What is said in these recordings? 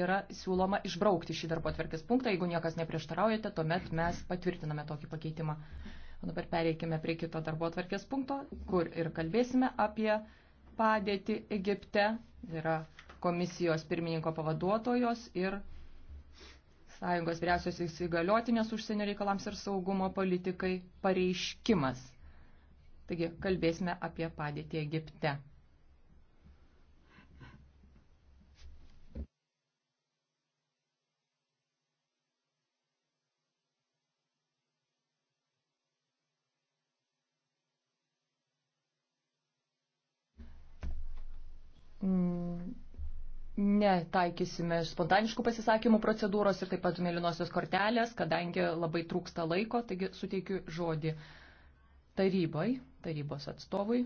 yra siūloma išbraukti šį darbo atverkės punktą. Jeigu niekas neprieštaraujate, tuomet mes patvirtiname tokį pakeitimą. O dabar pereikime prie kito darbo atverkės punkto, kur ir kalbėsime apie padėtį Egipte. Yra komisijos pirmininko pavaduotojos ir sąjungos vyriausios įsigaliotinės užsienio reikalams ir saugumo politikai pareiškimas. Taigi kalbėsime apie padėtį Egipte. Mm, netaikysime spontaniškų pasisakymų procedūros ir taip pat mėlynosios kortelės, kadangi labai trūksta laiko, taigi suteikiu žodį tarybai, tarybos atstovui,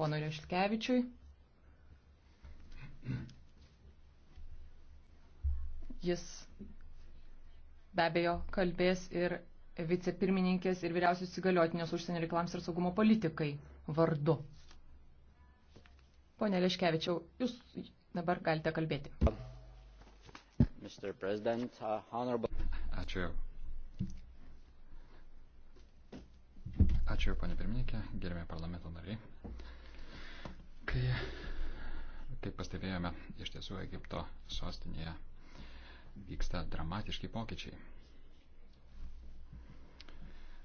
ponui Reškevičiui. Jis be abejo kalbės ir vicepirmininkės ir vyriausios įgaliotinės užsienio reikalams ir saugumo politikai vardu. Pone Liškevičiau, jūs dabar galite kalbėti. Mr. President, uh, honorable... Ačiū. Ačiū, ponė pirmininkė, gerbėjai parlamento nariai. Kai, kaip pastebėjome, iš tiesų Egipto sostinėje vyksta dramatiški pokyčiai.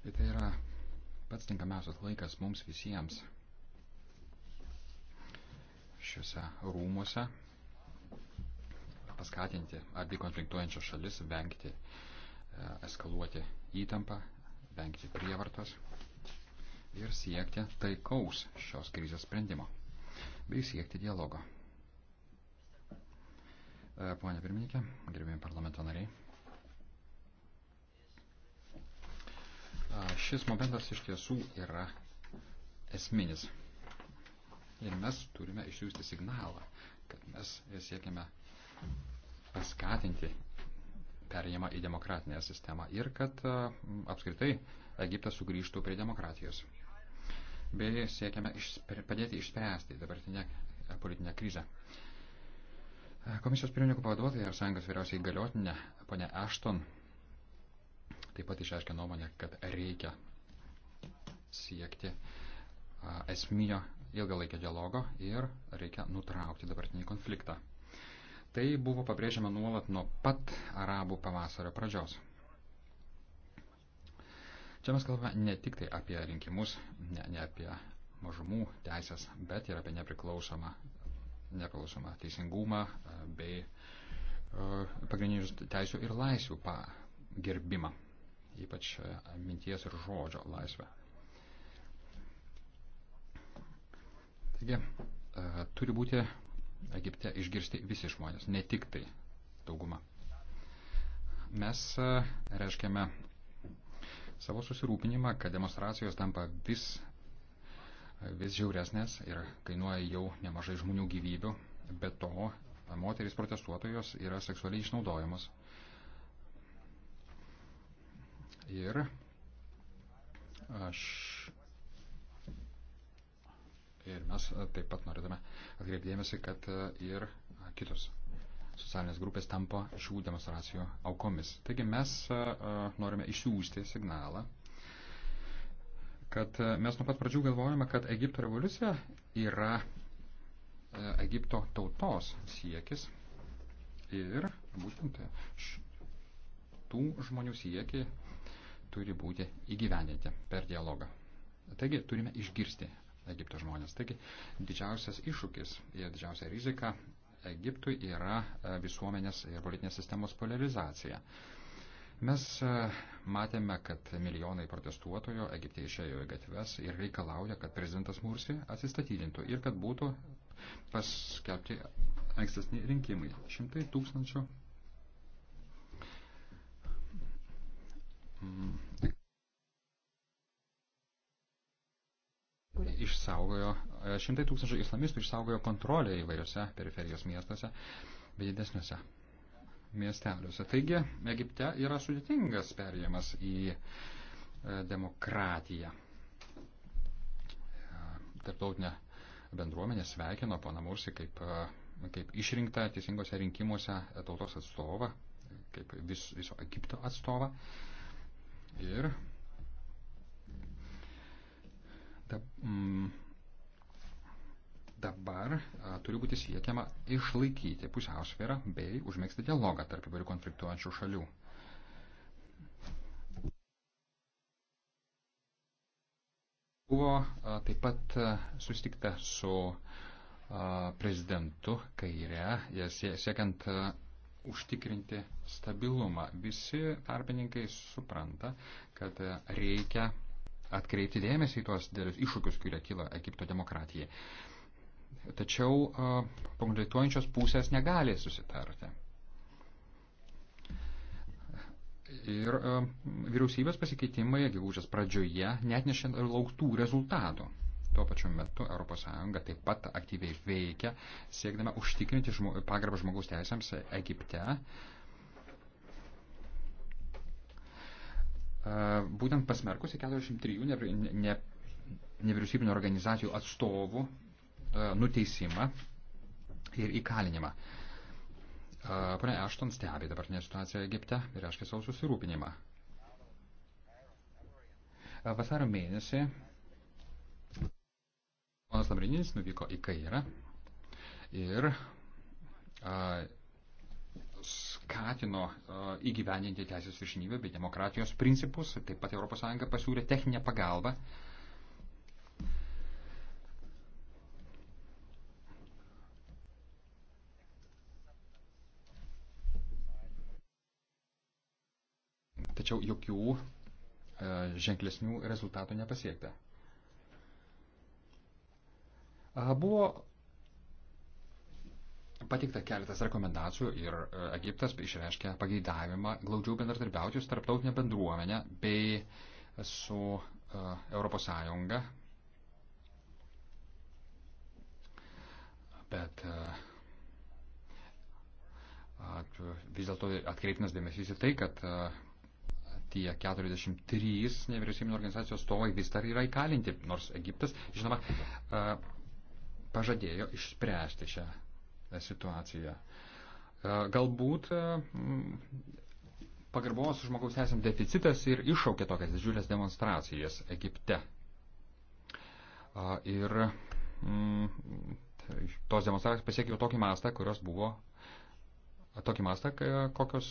Ir tai yra pats tinkamiausias laikas mums visiems šiuose rūmuose, paskatinti abi konfliktuojančias šalis, vengti e, eskaluoti įtampą, vengti prievartos ir siekti taikaus šios krizės sprendimo, bei siekti dialogo. E, Pone pirmininkė, gerbėjim parlamento nariai. E, šis momentas iš tiesų yra esminis Ir mes turime išsiųsti signalą, kad mes siekiame paskatinti perėjimą į demokratinę sistemą ir kad apskritai Egiptas sugrįžtų prie demokratijos. Bei siekiame išspre, padėti išspręsti dabartinę politinę krizę. Komisijos pirmininko pavaduotoja ir sąjungos vyriausiai galiotinė, ponė Ashton, taip pat išreiškė nuomonę, kad reikia siekti esminio ilgalaikio dialogo ir reikia nutraukti dabartinį konfliktą. Tai buvo pabrėžiama nuolat nuo pat arabų pavasario pradžios. Čia mes kalbame ne tik tai apie rinkimus, ne, ne apie mažumų teisės, bet ir apie nepriklausomą, nepriklausomą teisingumą bei e, pagrindinius teisų ir laisvių pagerbimą, ypač e, minties ir žodžio laisvę. Taigi, e, turi būti Egipte išgirsti visi žmonės, ne tik tai dauguma. Mes e, reiškiame savo susirūpinimą, kad demonstracijos tampa vis, vis žiauresnės ir kainuoja jau nemažai žmonių gyvybių, bet to moteris protestuotojos yra seksualiai išnaudojamos. Ir aš Ir mes e, taip pat norėtume atkreipdėmėsi, kad e, ir e, kitos socialinės grupės tampa šių demonstracijų aukomis. Taigi mes norime išsiųsti signalą, kad mes nuo pat pradžių galvojame, kad Egipto revoliucija yra Egipto tautos siekis ir būtent tų žmonių siekiai turi būti įgyvendinti per dialogą. Taigi turime išgirsti Egipto žmonės. Taigi didžiausias iššūkis ir didžiausia rizika Egiptui yra e, visuomenės ir politinės sistemos polarizacija. Mes e, matėme, kad milijonai protestuotojų Egipte išėjo į gatves ir reikalauja, kad prezidentas Mursi atsistatydintų ir kad būtų paskelbti ankstesni rinkimai. Šimtai tūkstančių. Mm. išsaugojo, e, šimtai tūkstančių islamistų išsaugojo kontrolę įvairiose periferijos miestuose bei didesniuose miesteliuose. Taigi, Egipte yra sudėtingas perėjimas į e, demokratiją. E, tarptautinė bendruomenė sveikino pana Mursi kaip, kaip išrinktą teisingose rinkimuose tautos atstovą, kaip vis, viso Egipto atstovą. Ir ta, mm, dabar a, turi būti siekiama išlaikyti pusiausvyrą bei užmėgsti dialogą tarp įvairių konfliktuojančių šalių. Buvo a, taip pat a, susitikta su a, prezidentu kairė, siekiant a, užtikrinti stabilumą. Visi tarpininkai supranta, kad a, reikia atkreipti dėmesį į tuos dėlius iššūkius, kurie kyla Egipto demokratijai. Tačiau konfliktuojančios pusės negali susitarti. Ir e, vyriausybės pasikeitimai gegužės pradžioje net nešint ir lauktų rezultatų. Tuo pačiu metu ES taip pat aktyviai veikia, siekdama užtikrinti žmo, pagarbą žmogaus teisėms Egipte, e, būtent pasmerkusi 43 nevyriausybinio ne, ne, ne organizacijų atstovų nuteisimą ir įkalinimą. Pane Ešton stebi dabartinę situaciją Egipte ir reiškia savo susirūpinimą. Vasario mėnesį ponas Lamrinis nuvyko į Kairą ir skatino e, įgyvendinti teisės viršinybę bei demokratijos principus. Taip pat ES pasiūlė techninę pagalbą. Tačiau jokių e, ženklesnių rezultatų nepasiekta. E, buvo pateikta keletas rekomendacijų ir e, Egiptas išreiškė pageidavimą glaudžiau bendradarbiauti su tarptautinė bendruomenė bei su ES. Bet e, at, vis dėlto atkreiptinas dėmesys į tai, kad e, tie 43 nevyriausybinio organizacijos stovai vis dar yra įkalinti, nors Egiptas, žinoma, pažadėjo išspręsti šią E, situaciją. E, galbūt e, pagarbos žmogaus teisėm deficitas ir iššaukė tokias didžiulės demonstracijas Egipte. Ir tai tos demonstracijos pasiekė jau tokį mastą, kurios buvo tokį mastą, kokios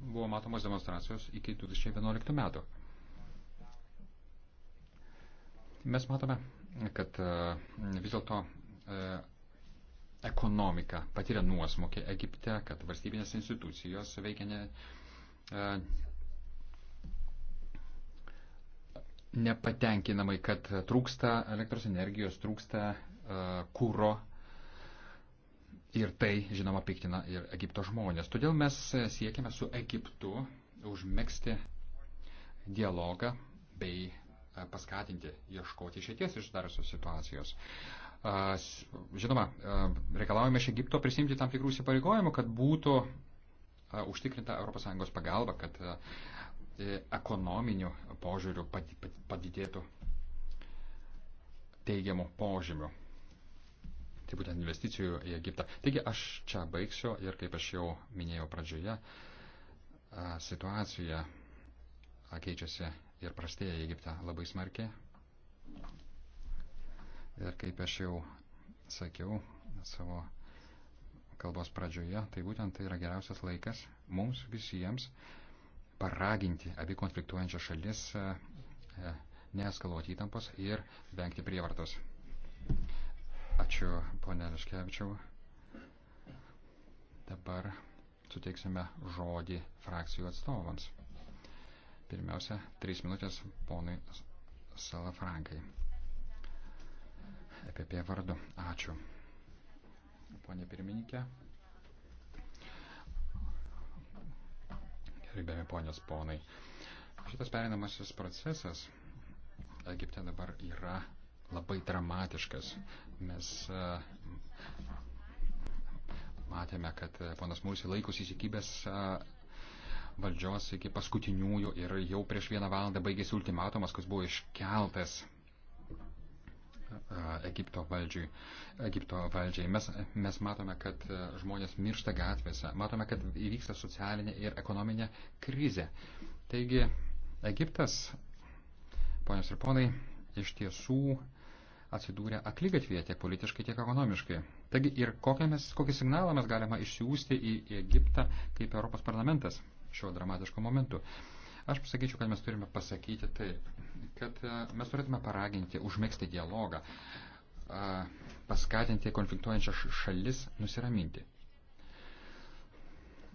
buvo matomos demonstracijos iki 2011 metų. Mes matome, kad vis dėlto ekonomika patiria nuosmokį Egipte, kad valstybinės institucijos veikia ne, e, nepatenkinamai, kad trūksta elektros energijos, trūksta e, kūro. Ir tai, žinoma, piktina ir Egipto žmonės. Todėl mes siekiame su Egiptu užmėgsti dialogą bei paskatinti ieškoti išėties iš darusios situacijos. Uh, Žinoma, reikalavome iš Egipto prisimti tam tikrų įsipareigojimų, kad būtų užtikrinta ES pagalba, kad e, ekonominių požiūrių padidėtų teigiamų požymių. Tai būtent investicijų į Egiptą. Taigi aš čia baigsiu ir kaip aš jau minėjau pradžioje, situacija keičiasi ir prastėja Egipte labai smarkiai. Ir kaip aš jau sakiau savo kalbos pradžioje, tai būtent tai yra geriausias laikas mums visiems paraginti abi konfliktuojančias šalis e, e, neeskaluoti įtampos ir vengti prievartos. Ačiū, ponė Liškevičiau. Dabar suteiksime žodį frakcijų atstovams. Pirmiausia, trys minutės ponui Salafrankai. EPP vardu. Ačiū. Pone pirmininkė. Gerbėmi ponios ponai. Šitas perinamasis procesas Egipte dabar yra labai dramatiškas. Mes e, matėme, kad ponas Mūsi laikus įsikybęs e, valdžios iki paskutiniųjų ir jau prieš vieną valandą baigėsi ultimatumas, kas buvo iškeltas Egipto valdžiai. Egipto valdžiai. Mes, mes matome, kad e, žmonės miršta gatvėse, matome, kad įvyksta socialinė ir ekonominė krizė. Taigi, Egiptas, ponios ir ponai, iš tiesų atsidūrė aklygatvėje tiek politiškai, tiek ekonomiškai. Taigi ir mes, kokį signalą mes galima išsiųsti į Egiptą kaip Europos parlamentas šiuo dramatišku momentu? Aš pasakyčiau, kad mes turime pasakyti taip kad e, mes turėtume paraginti, užmėgsti dialogą, e, paskatinti konfliktuojančias šalis nusiraminti.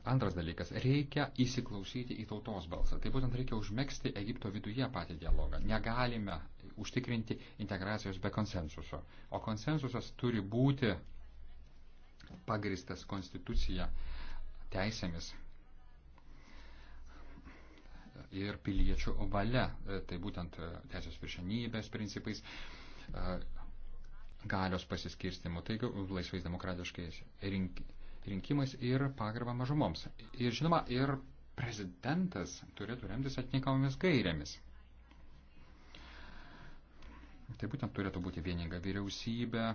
Antras dalykas - reikia įsiklausyti į tautos balsą. Tai būtent reikia užmėgsti Egipto viduje patį dialogą. Negalime užtikrinti integracijos be konsensuso. O konsensusas turi būti pagristas konstitucija, teisėmis, ir piliečių valia, e, tai būtent e, teisės viršenybės principais, e, galios pasiskirstimu, taigi laisvais demokratiškais rink, rinkimais ir pagarbą mažumoms. Ir žinoma, ir prezidentas turėtų remtis atitinkamomis gairėmis. Tai būtent turėtų būti vieninga vyriausybė,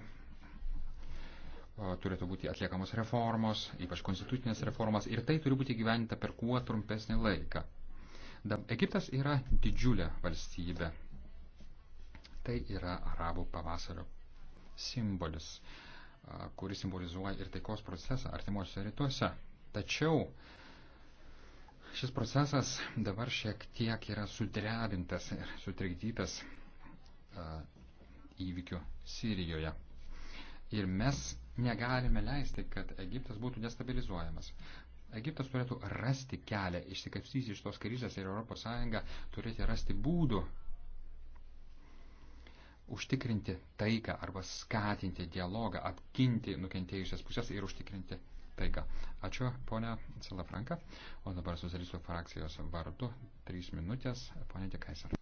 turėtų būti atliekamos reformos, ypač konstitucinės reformos, ir tai turi būti gyventa per kuo trumpesnį laiką. Egiptas yra didžiulė valstybė. Tai yra arabų pavasario simbolis, kuris simbolizuoja ir taikos procesą artimuose rytuose. Tačiau šis procesas dabar šiek tiek yra sudrebintas ir sutrikdytas įvykių Sirijoje. Ir mes negalime leisti, kad Egiptas būtų destabilizuojamas. Egiptas turėtų rasti kelią, išsikapstyti iš tos krizės ir ES turėtų rasti būdų užtikrinti taiką arba skatinti dialogą, apginti nukentėjusias pusės ir užtikrinti taiką. Ačiū, ponia Salafranka. O dabar socialistų frakcijos vardu, trys minutės, ponia Dekaisar.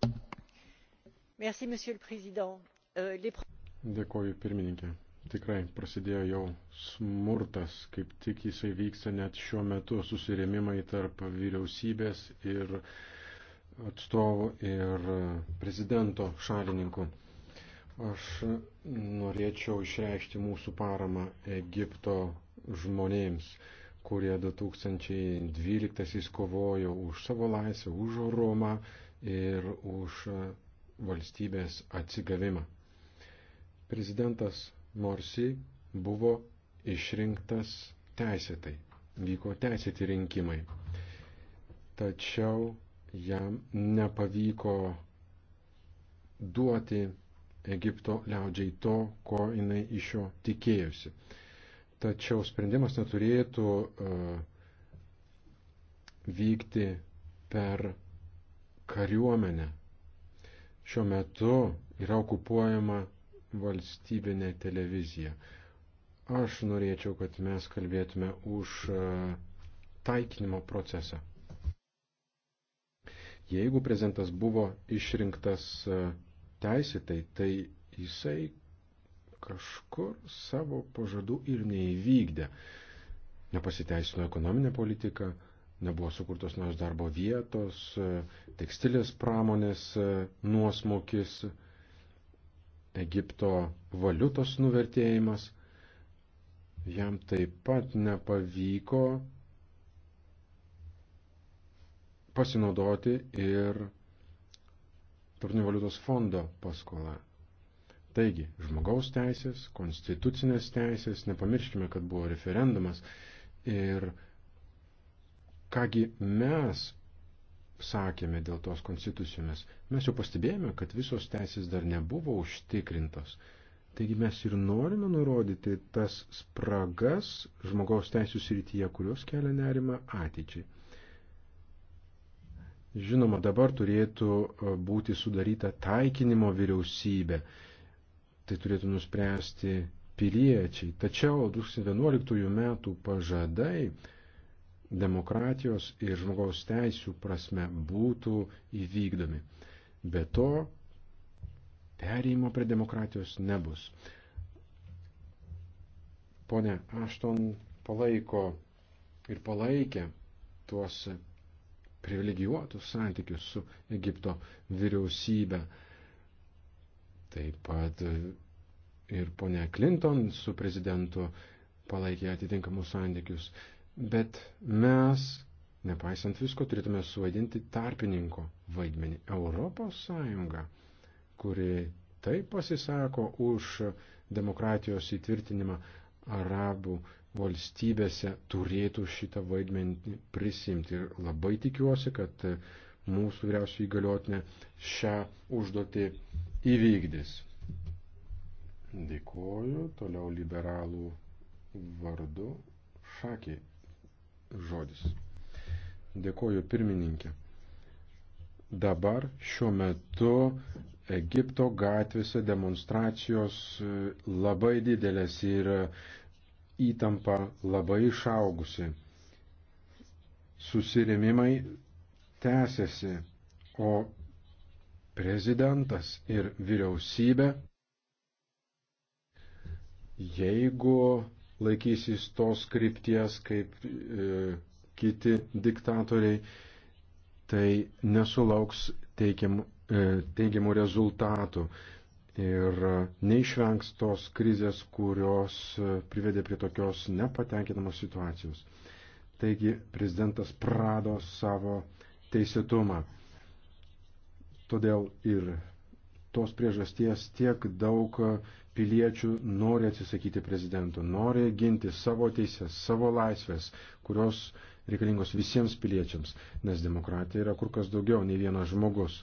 Merci, monsieur le président. Euh, Dėkoju, pirmininkė. Tikrai prasidėjo jau smurtas, kaip tik jisai vyksta net šiuo metu susirėmimai tarp vyriausybės ir atstovų ir prezidento šalininkų. Aš norėčiau išreikšti mūsų paramą Egipto žmonėms, kurie 2012 kovojo už savo laisvę, už orumą ir už valstybės atsigavimą. Prezidentas Morsi buvo išrinktas teisėtai, vyko teisėti rinkimai. Tačiau jam nepavyko duoti Egipto liaudžiai to, ko jinai iš jo tikėjusi. Tačiau sprendimas neturėtų uh, vykti per kariuomenę. Šiuo metu yra okupuojama valstybinė televizija. Aš norėčiau, kad mes kalbėtume už e, taikinimo procesą. Jeigu prezidentas buvo išrinktas e, teisėtai, tai jisai kažkur savo pažadų ir neįvykdė. Nepasiteisino ekonominė politika, nebuvo sukurtos naujos darbo vietos, e, tekstilės pramonės nuosmokis. Egipto valiutos nuvertėjimas, jam taip pat nepavyko pasinaudoti ir Tarptautinio valiutos fondo paskola. Taigi, žmogaus teisės, konstitucinės teisės, nepamirškime, kad buvo referendumas ir kągi mes sakėme dėl tos konstitucijomis, mes jau pastebėjome, kad visos teisės dar nebuvo užtikrintos. Taigi mes ir norime nurodyti tas spragas žmogaus teisų srityje, kurios kelia nerima ateičiai. Žinoma, dabar turėtų e, būti sudaryta taikinimo vyriausybė. Tai turėtų nuspręsti piliečiai. Tačiau 2011 metų pažadai demokratijos ir žmogaus teisų prasme būtų įvykdomi. Be to, perėjimo prie demokratijos nebus. Pone Ašton palaiko ir palaikė tuos privilegijuotus santykius su Egipto vyriausybė. Taip pat ir ponia Clinton su prezidentu palaikė atitinkamus santykius. Bet mes, nepaisant visko, turėtume suvaidinti tarpininko vaidmenį. Europos Sąjunga, kuri taip pasisako už demokratijos įtvirtinimą arabų valstybėse, turėtų šitą vaidmenį prisimti. Ir labai tikiuosi, kad mūsų vyriausiai įgaliotinė šią užduotį įvykdys. Dėkuoju, toliau liberalų vardu Šakį žodis. Dėkoju pirmininkė. Dabar šiuo metu Egipto gatvėse demonstracijos e, labai didelės ir e, įtampa labai išaugusi. Susirėmimai tęsiasi, o prezidentas ir vyriausybė, jeigu laikysis tos krypties kaip e, kiti diktatoriai, tai nesulauks teigiam, e, teigiamų rezultatų ir e, neišvengs tos krizės, kurios e, privedė prie tokios nepatenkinamos situacijos. Taigi prezidentas prado savo teisėtumą. Todėl ir tos priežasties tiek daug piliečių nori atsisakyti prezidento, nori ginti savo teises, savo laisvės, kurios reikalingos visiems piliečiams, nes demokratija yra kur kas daugiau nei vienas žmogus.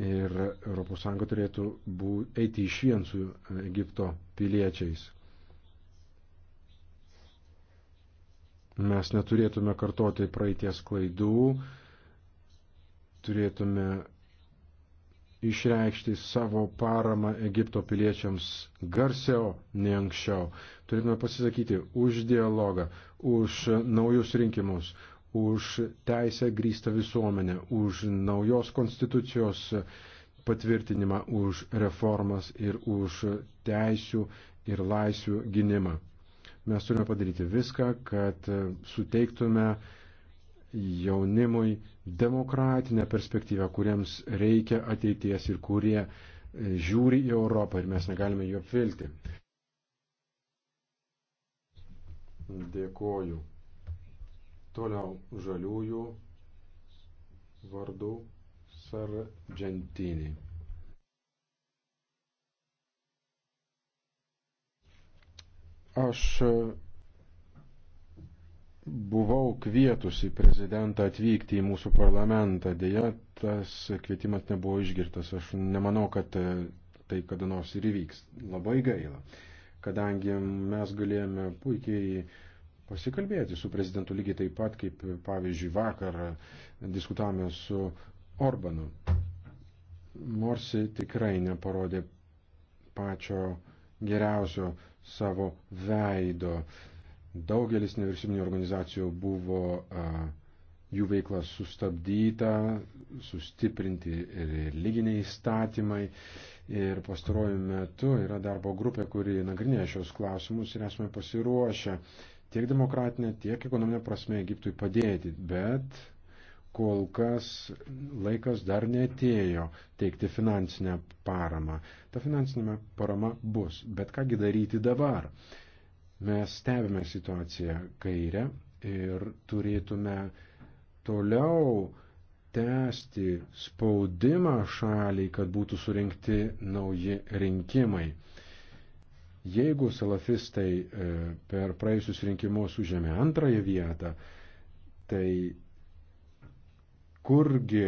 Ir ES turėtų bū, eiti iš vien su e, Egipto piliečiais. Mes neturėtume kartoti praeities klaidų, turėtume išreikšti savo paramą Egipto piliečiams garsiau nei anksčiau. Turėtume pasisakyti už dialogą, už naujus rinkimus, už teisę grįstą visuomenę, už naujos konstitucijos patvirtinimą, už reformas ir už teisių ir laisvių gynimą. Mes turime padaryti viską, kad suteiktume jaunimui demokratinę perspektyvą, kuriems reikia ateities ir kurie e, žiūri į Europą ir mes negalime jų apvilti. Dėkoju. Toliau žaliųjų vardu Sargentini. Aš buvau kvietusi prezidentą atvykti į mūsų parlamentą, dėja tas kvietimas nebuvo išgirtas. Aš nemanau, kad e, tai kada nors ir įvyks. Labai gaila, kadangi mes galėjome puikiai pasikalbėti su prezidentu lygiai taip pat, kaip pavyzdžiui vakar diskutavome su Orbanu. Morsi tikrai neparodė pačio geriausio savo veido. Daugelis nevyriausybinio organizacijų buvo a, jų veikla sustabdyta, sustiprinti religiniai įstatymai. Ir pastaruoju metu yra darbo grupė, kuri nagrinėja šios klausimus ir esame pasiruošę tiek demokratinė, tiek ekonominė prasme Egiptui padėti. Bet kol kas laikas dar netėjo teikti finansinę paramą. Ta finansinė parama bus. Bet kągi daryti dabar? Mes stebime situaciją kairę ir turėtume toliau tęsti spaudimą šaliai, kad būtų surinkti nauji rinkimai. Jeigu salafistai e, per praėjusius rinkimus užėmė antrąją vietą, tai kurgi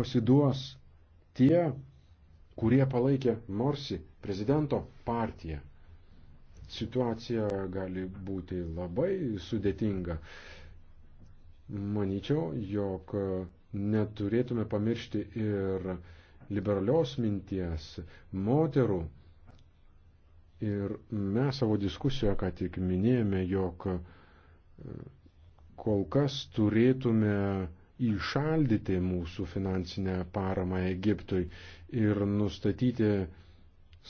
pasiduos tie, kurie palaikė Morsi prezidento partiją situacija gali būti labai sudėtinga. Manyčiau, jog neturėtume pamiršti ir liberalios minties moterų. Ir mes savo diskusijoje ką tik minėjome, jog e, kol kas turėtume įšaldyti mūsų finansinę paramą Egiptui ir nustatyti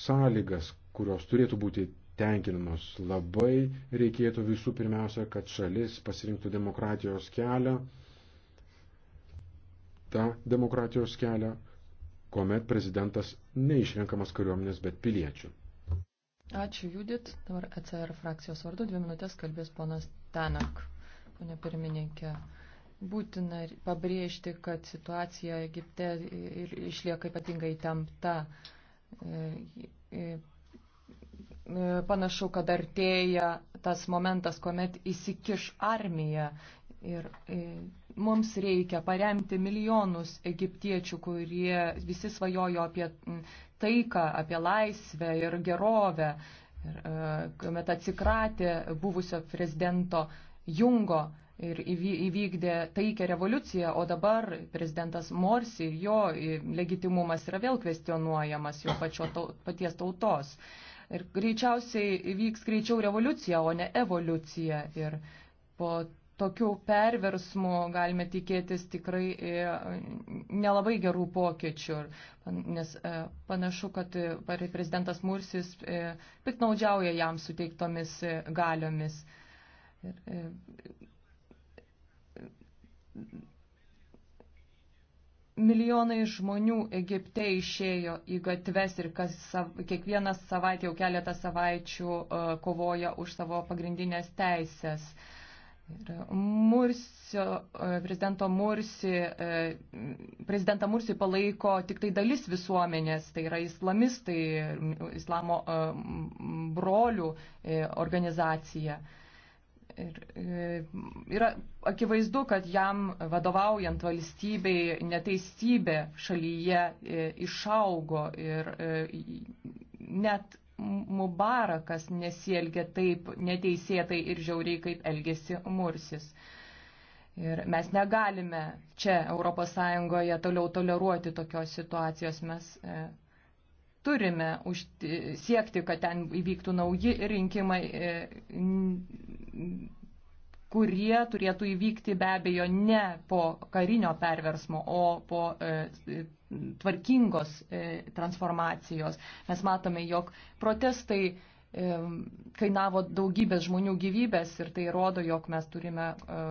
sąlygas, kurios turėtų būti tenkinamos. Labai reikėtų visų pirmiausia, kad šalis pasirinktų demokratijos kelią, tą demokratijos kelią, kuomet prezidentas neišrenkamas kariuomenės, bet piliečių. Ačiū Judit, dabar ECR frakcijos vardu dvi minutės kalbės ponas Tanak, ponė pirmininkė. Būtina pabrėžti, kad situacija Egipte išlieka ypatingai tempta e, E, panašu, kad artėja tas momentas, kuomet įsikiš armija. Ir e, mums reikia paremti milijonus egiptiečių, kurie visi svajojo apie taiką, apie laisvę ir gerovę. Ir e, kuomet atsikratė buvusio prezidento Jungo ir įvykdė taikę revoliuciją, o dabar prezidentas Morsi ir jo legitimumas yra vėl kvestionuojamas jo pačio, paties tautos. Ir greičiausiai įvyks greičiau revoliucija, o ne evoliucija. Ir po tokių perversmų galime tikėtis tikrai e, nelabai gerų pokyčių, nes e, panašu, kad e, prezidentas Mursis piknaudžiauja jam suteiktomis galiomis. Ir, Milijonai žmonių Egipte išėjo į gatves ir kas, kiekvieną savaitę jau keletą savaičių e, kovoja už savo pagrindinės teisės. Ir Mursio, e, prezidento Mursi, e, prezidentą Mursi palaiko tik tai dalis visuomenės, tai yra islamistai, islamo brolių organizacija. Ir, e, yra akivaizdu, kad jam vadovaujant valstybei neteisybė šalyje e, išaugo ir e, net Mubarakas nesielgia taip neteisėtai ir žiauriai, kaip elgesi Mursis. Ir mes negalime čia ES toliau toleruoti tokios situacijos. Mes turime siekti, kad ten įvyktų nauji rinkimai kurie turėtų įvykti be abejo ne po karinio perversmo, o po e, e, tvarkingos e, transformacijos. Mes matome, jog protestai e, kainavo daugybės žmonių gyvybės ir tai rodo, jog mes turime e,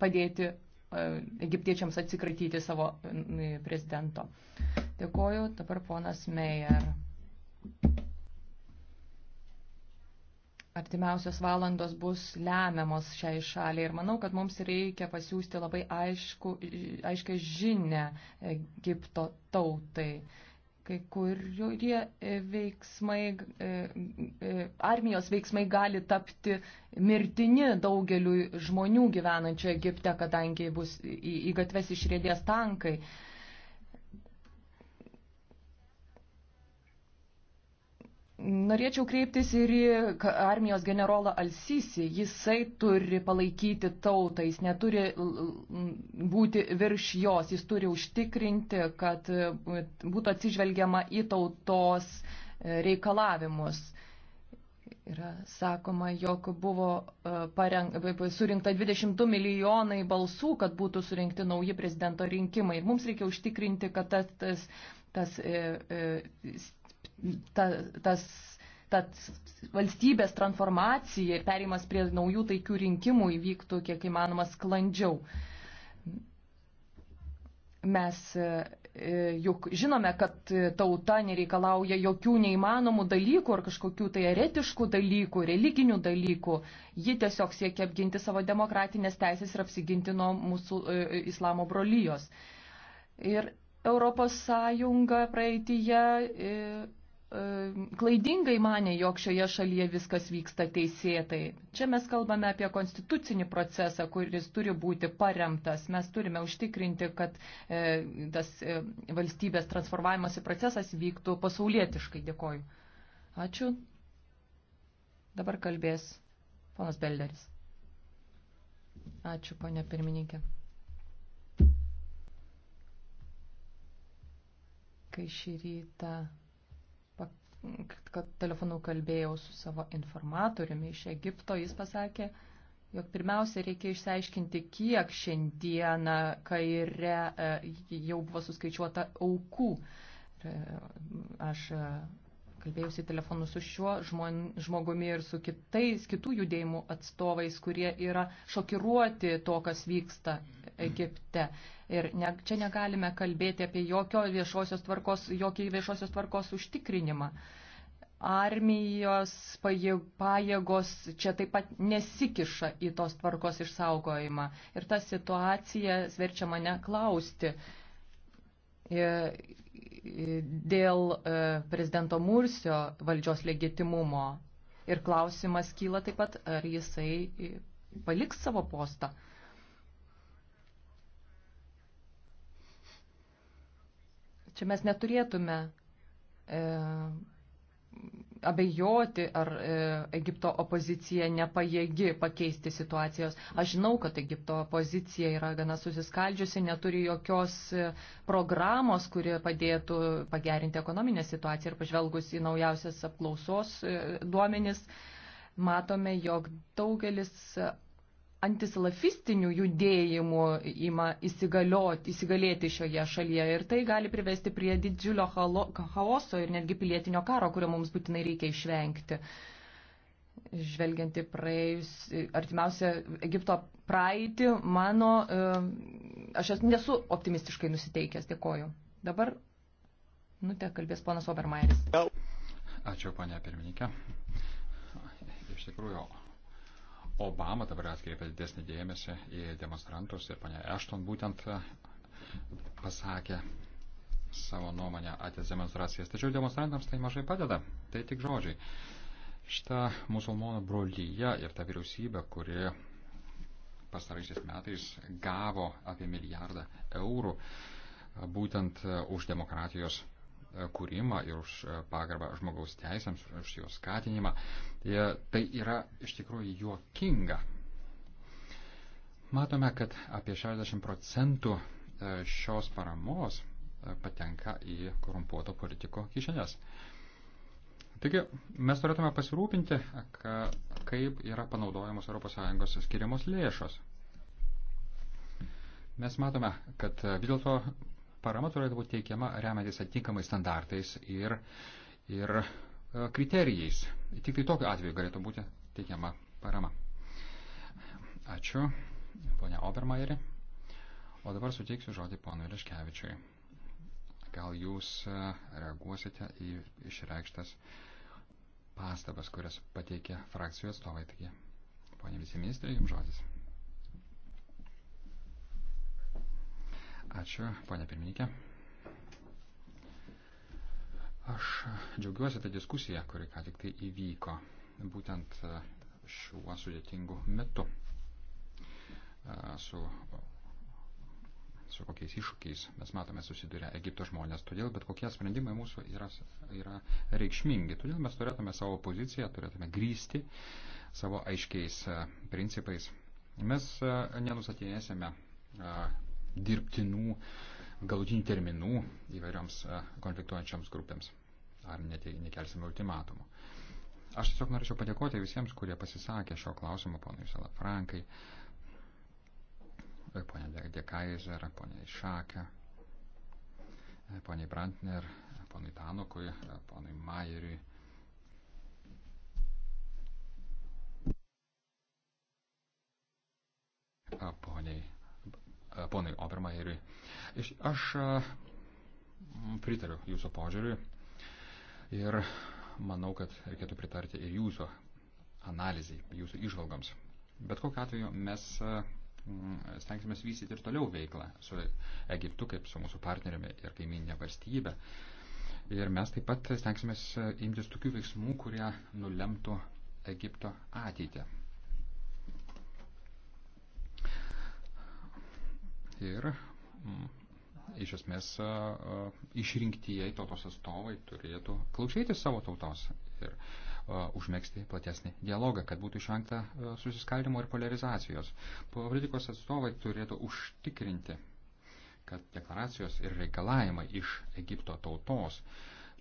padėti e, egiptiečiams atsikratyti savo e, prezidento. Dėkoju, dabar ponas Meijer artimiausios valandos bus lemiamos šiai šaliai ir manau, kad mums reikia pasiūsti labai aišku, aiškę žinę Egipto tautai. Kai kurie veiksmai, e, e, armijos veiksmai gali tapti mirtini daugeliu žmonių gyvenančių Egipte, kadangi bus į, į gatves išrėdės tankai. Norėčiau kreiptis ir į armijos generolą Alsisi. Jisai turi palaikyti tautą, jis neturi būti virš jos, jis turi užtikrinti, kad e, būtų atsižvelgiama į tautos e, reikalavimus. Yra sakoma, jog buvo e, pareng... surinkta 22 milijonai balsų, kad būtų surinkti nauji prezidento rinkimai. Ir mums reikia užtikrinti, kad tas, tas, tas ta, tas tad valstybės transformacija ir perimas prie naujų taikių rinkimų įvyktų kiek įmanoma sklandžiau. Mes e, e, juk žinome, kad tauta nereikalauja jokių neįmanomų dalykų ar kažkokių tai eretiškų dalykų, religinių dalykų. Ji tiesiog siekia apginti savo demokratinės teisės ir apsiginti nuo mūsų e, islamo brolyjos. Ir Europos Sąjunga praeitįje e, E, klaidingai mane, jog šioje šalyje viskas vyksta teisėtai. Čia mes kalbame apie konstitucinį procesą, kuris turi būti paremtas. Mes turime užtikrinti, kad e, tas e, valstybės transformavimosi procesas vyktų pasaulietiškai. Dėkoju. Ačiū. Dabar kalbės ponas Belderis. Ačiū, ponė pirmininkė. Kai šį rytą kad telefonu kalbėjau su savo informatoriumi iš Egipto, jis pasakė, jog pirmiausia reikia išsiaiškinti, kiek šiandieną kaire e, jau buvo suskaičiuota aukų. E, aš e, kalbėjusi telefonu su šiuo žmogumi ir su kitais, kitų judėjimų atstovais, kurie yra šokiruoti to, kas vyksta Egipte. Ir ne, čia negalime kalbėti apie jokio viešosios tvarkos, jokį viešosios tvarkos užtikrinimą. Armijos pajėgos čia taip pat nesikiša į tos tvarkos išsaugojimą. Ir ta situacija verčia mane klausti e, dėl e, prezidento Mursio valdžios legitimumo. Ir klausimas kyla taip pat, ar jisai paliks savo postą. Čia mes neturėtume e, abejoti, ar e, Egipto opozicija nepajėgi pakeisti situacijos. Aš žinau, kad Egipto opozicija yra gana susiskaldžiusi, neturi jokios e, programos, kuri padėtų pagerinti ekonominę situaciją ir pažvelgus į naujausias apklausos e, duomenis, matome, jog daugelis antislafistinių judėjimų ima įsigalėti šioje šalyje ir tai gali privesti prie didžiulio chaoso ir netgi pilietinio karo, kurio mums būtinai reikia išvengti. Žvelgiant į praėjus, artimiausią Egipto praeitį, mano, e, aš nesu optimistiškai nusiteikęs, dėkoju. Dabar, nu, te kalbės ponas Obermaeris. Ačiū, ponia pirmininkė. Iš tikrųjų, Obama dabar atkreipia didesnį dėmesį į demonstrantus ir ponia Ešton būtent e, pasakė savo nuomonę apie demonstracijas. Tačiau demonstrantams tai mažai padeda, tai tik žodžiai. Šitą musulmonų brolyje ir ta vyriausybė, kuri pastaraisiais metais gavo apie milijardą eurų būtent e, už demokratijos E, kūrimą ir už e, pagarbą žmogaus teisėms, už jos skatinimą. E, tai yra iš tikrųjų juokinga. Matome, kad apie 60 procentų šios paramos patenka į korumpuoto politiko kišenės. Taigi mes turėtume pasirūpinti, ka, kaip yra panaudojamos ES skiriamos lėšos. Mes matome, kad vis dėlto parama turėtų būti teikiama remiantis atitinkamais standartais ir, ir e, kriterijais. Tik tai tokiu atveju galėtų būti teikiama parama. Ačiū, ponia Obermairi. O dabar suteiksiu žodį ponui Liškevičiui. Gal jūs e, reaguosite į išreikštas pastabas, kurias pateikė frakcijų atstovai. Taigi, ponia viceministrė, jums žodis. Ačiū, ponė pirmininkė. Aš džiaugiuosi tą diskusiją, kuri ką tik tai įvyko, būtent e, šiuo sudėtingu metu, e, su, su kokiais iššūkiais mes matome susiduria Egipto žmonės. Todėl bet kokie sprendimai mūsų yra, yra reikšmingi. Todėl mes turėtume savo poziciją, turėtume grįsti savo aiškiais e, principais. Mes nenusatinėsime dirbtinų galutinių terminų įvairioms e, konfliktuojančioms grupėms, ar net nekelsime ultimatumų. Aš tiesiog norėčiau padėkoti visiems, kurie pasisakė šio klausimo, ponai Salafrankai, e, ponė Dekaiser, ponė Išakė, e, ponė Brantner, ponai Tanukui, ponai Majeriui. Poniai E, ponai Obermajeriui. Aš e, pritariu jūsų požiūriui ir manau, kad reikėtų pritarti ir jūsų analizai, jūsų išvalgoms. Bet kokiu atveju mes e, stengsime vystyti ir toliau veiklą su Egiptu, kaip su mūsų partnerėmi ir kaiminė valstybė. Ir mes taip pat stengsime imtis tokių veiksmų, kurie nulemtų Egipto ateitį. Ir mm, iš esmės išrinktieji tautos atstovai turėtų klausyti savo tautos ir užmėgsti platesnį dialogą, kad būtų išvengta susiskaldimo ir polarizacijos. Politikos atstovai turėtų užtikrinti, kad deklaracijos ir reikalavimai iš Egipto tautos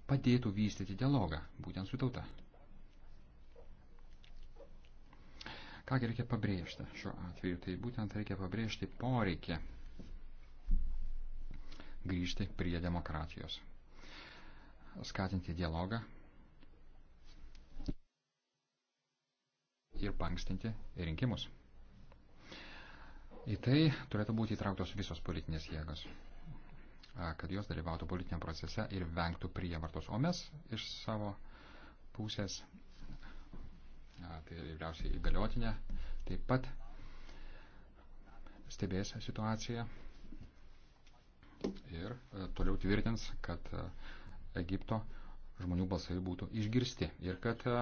padėtų vystyti dialogą būtent su tauta. Ką reikia pabrėžti šiuo atveju? Tai būtent reikia pabrėžti poreikį grįžti prie demokratijos. Skatinti dialogą ir pankstinti rinkimus. Į tai turėtų būti įtrauktos visos politinės jėgos, kad jos dalyvautų politiniam procese ir vengtų prievartos. O mes iš savo pusės, tai vyriausiai įgaliotinė, taip pat stebės situaciją ir e, toliau tvirtins, kad e, Egipto žmonių balsai būtų išgirsti ir kad e,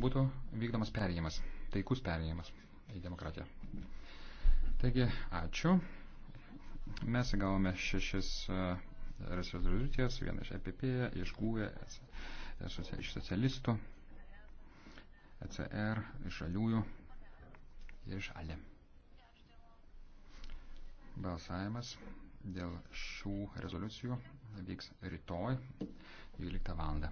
būtų vykdomas perėjimas, taikus perėjimas į demokratiją. Taigi, ačiū. Mes gavome šešis rezoliucijas, vieną iš EPP, iš GUE, iš socialistų, ECR, iš žaliųjų ir iš ALE. Balsavimas dėl šių rezoliucijų vyks rytoj 12 val.